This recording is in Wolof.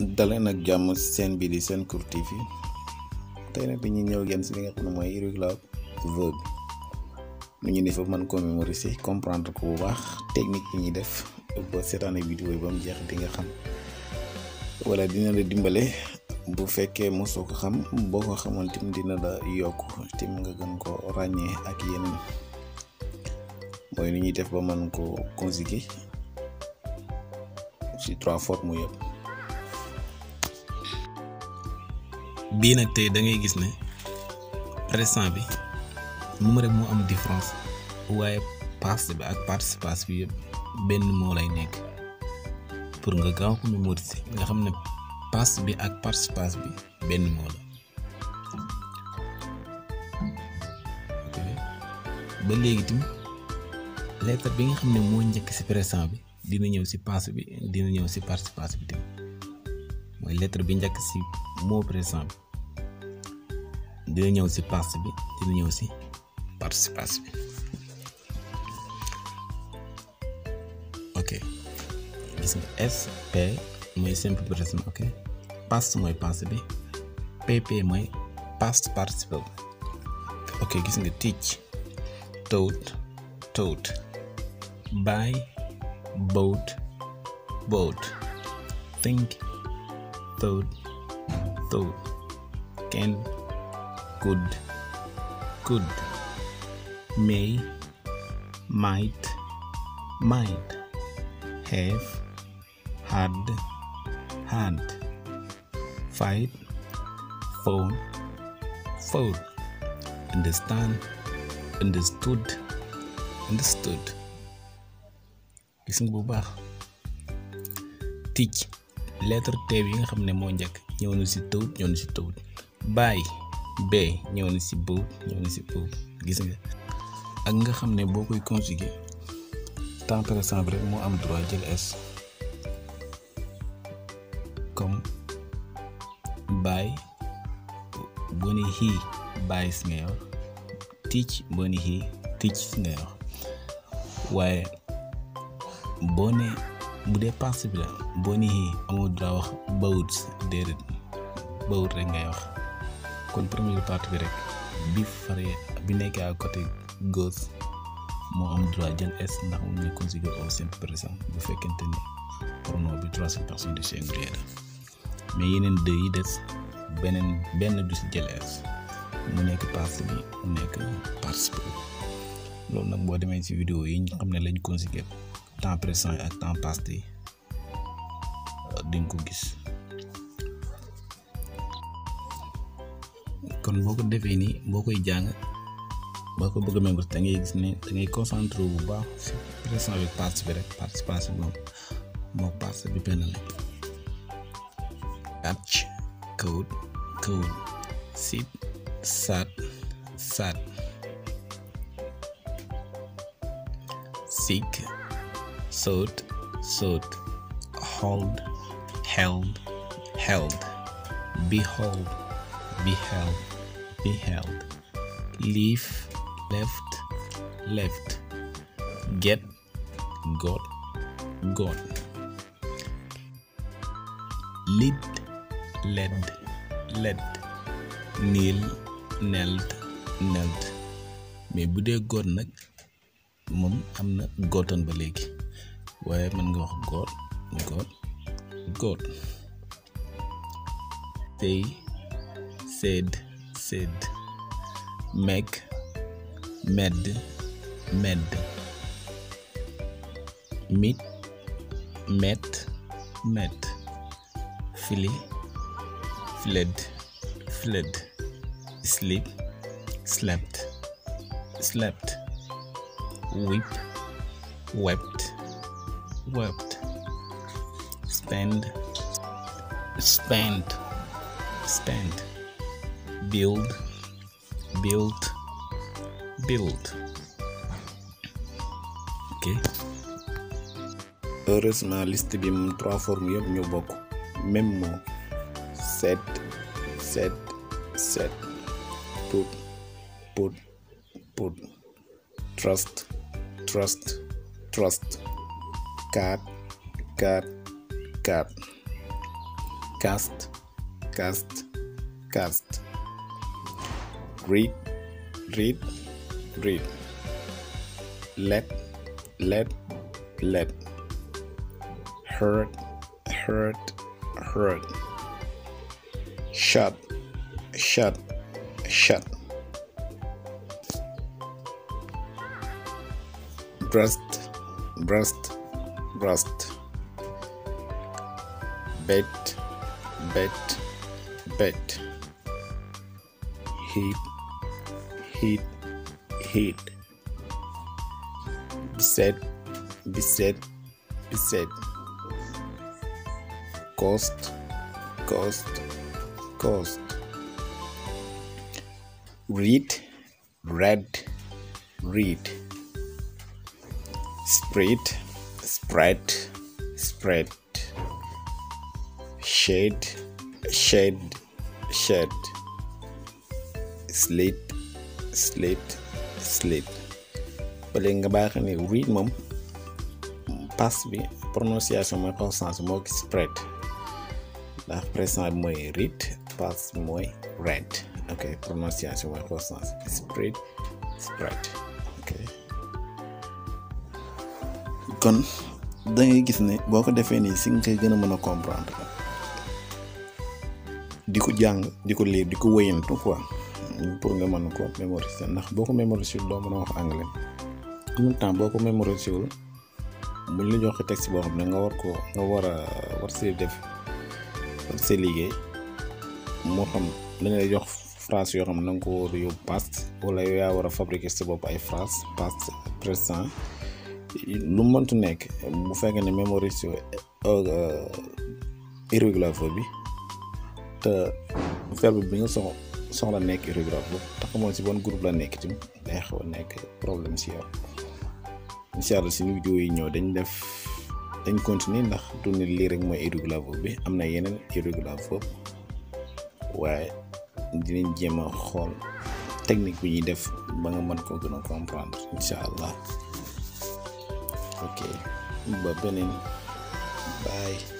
dalee nag jàmm seen bi di seen Sencour TV tey nag dañuy ñëw ngeen si li nga xam ne mooy réglage vœu bi ñu def ba mën koo mémoriser comprendre ko bu baax technique yi ñuy def ba seetaane vidéo yi ba mu jeex di nga xam wala dina la dimbale bu fekkee mosoo ko xam boo ko xamoon tim dina la yokk tim nga gën ko ràññee ak yeneen mooy ni ñuy def ba mën ko conjuguer ci trois formes yëpp. bii nag tey da ngay gis ne restant bi moom rek moo am différence waaye passé bi ak participatif bi benn moo lay nekk pour nga gaaw ko mémoriser nga xam ne passé bi ak participatif bi benn moo la ba léegi tim lettre bi nga xam ne moo njëkk ci présent bi dina ñëw ci passé bi dina ñëw ci participatif bi tamit electrobind jak que se mo exemple deu ñëw se passa bem, deu ñëw se participation bem. ok gis nga sp mo simple présent ok past mooy passé bi pp mooy past participle ok Isso é teach taught taught buy boat, boat, think thought, thought, can, could, could, may, might, might, have, had, had, fight, phone, phone, understand, understood, understood. Listen, Bubba. Teach. lettre T yi nga xam ne moo njëkk ñëw na si tëwut ñëw na si tëwut baay B ñëw na si bëwut ñëw na si bëwut gis nga ak nga xam ne boo koy conjuguer temps présent bi rek moo am droit jël S comme baay boo ne xii baay si teach boo ne xii teach si waaye boo ne bu dee passif la boo nii amoo droit wax bawut déedéet bawut rek ngay wax kon première partie bi rek bi faree bi nekkee à côté gauche moo am droit jël s ndax mu ngi considéré au simple présent bu fekkente ni pronom bi troisième personnes du singulier la e mais yeneen deux yi des beneen benn du si jël s mu nekk partie bi mu nekk participe loolu nag boo demee si vidéo yi ñu xam ne lañ considéré temps présent et temps passé d'un coup gis kon boko defé ni nii jang koy bëgg mëngu méngoo da ngay gis ni da ngay concentré bu baax si présent bi passé bi rek passé passé moom moo passé bi ben la acc code code sip sat sat sig sought, sought, hold, held, held, behold, beheld, beheld, leaf, left, left, get, got, got, lead, led, led, kneel, knelt, knelt. mais bu dee got nag moom am na gotoon ba léegi waaye Man nga wax God God God they said said make made made meet met met flee fled fled sleep slept slept weep wept wept spend spend spend build build build ok heureusement liste bi moom trois formes yëpp ñu bokk même set set set put put put trust trust trust cut cut cut cast cast cast read read read let let let hurt hurt hurt shut shut shut breast breast rust bet bet bet heat heat heat beset beset beset cost cost cost read read read spread spread spread shade shade shade slit slit slit bële nga baaxe ne read mom pass bi prononciation mooy constant mo spread la nah, présent moy read pass moy red. read ok prononciation mooy constant spread spread ok kon da ngay gis ne boo ko defee nii si nga koy gën a mën a comprendre di ko jàng di ko lire di ko wëyantu quoi pour nga mën ko mémoriser ndax boo ko mémoriser doo mën a wax anglais en même temps boo ko mémoriser wul ñu la joxe texte boo xam ne nga war ko nga war a war see def war see liggéey moo xam la lay jox phrase yoo xam ne nga ko war a yóbbu past wala yow yaa war a fabriquer sa bopp ay phrase past présent lu mëntu nekk bu fekkee ne fa euh, euh, bi te verbe bi nga soxla soxla nekk tax si bon groupe la nekk tim day problème si yow vidéo yi ñëw dañ def dañ continuer ndax du ne lii rek bi am na yeneen waaye technique bi ñuy def ba nga mën ko comprendre Okay. Bye.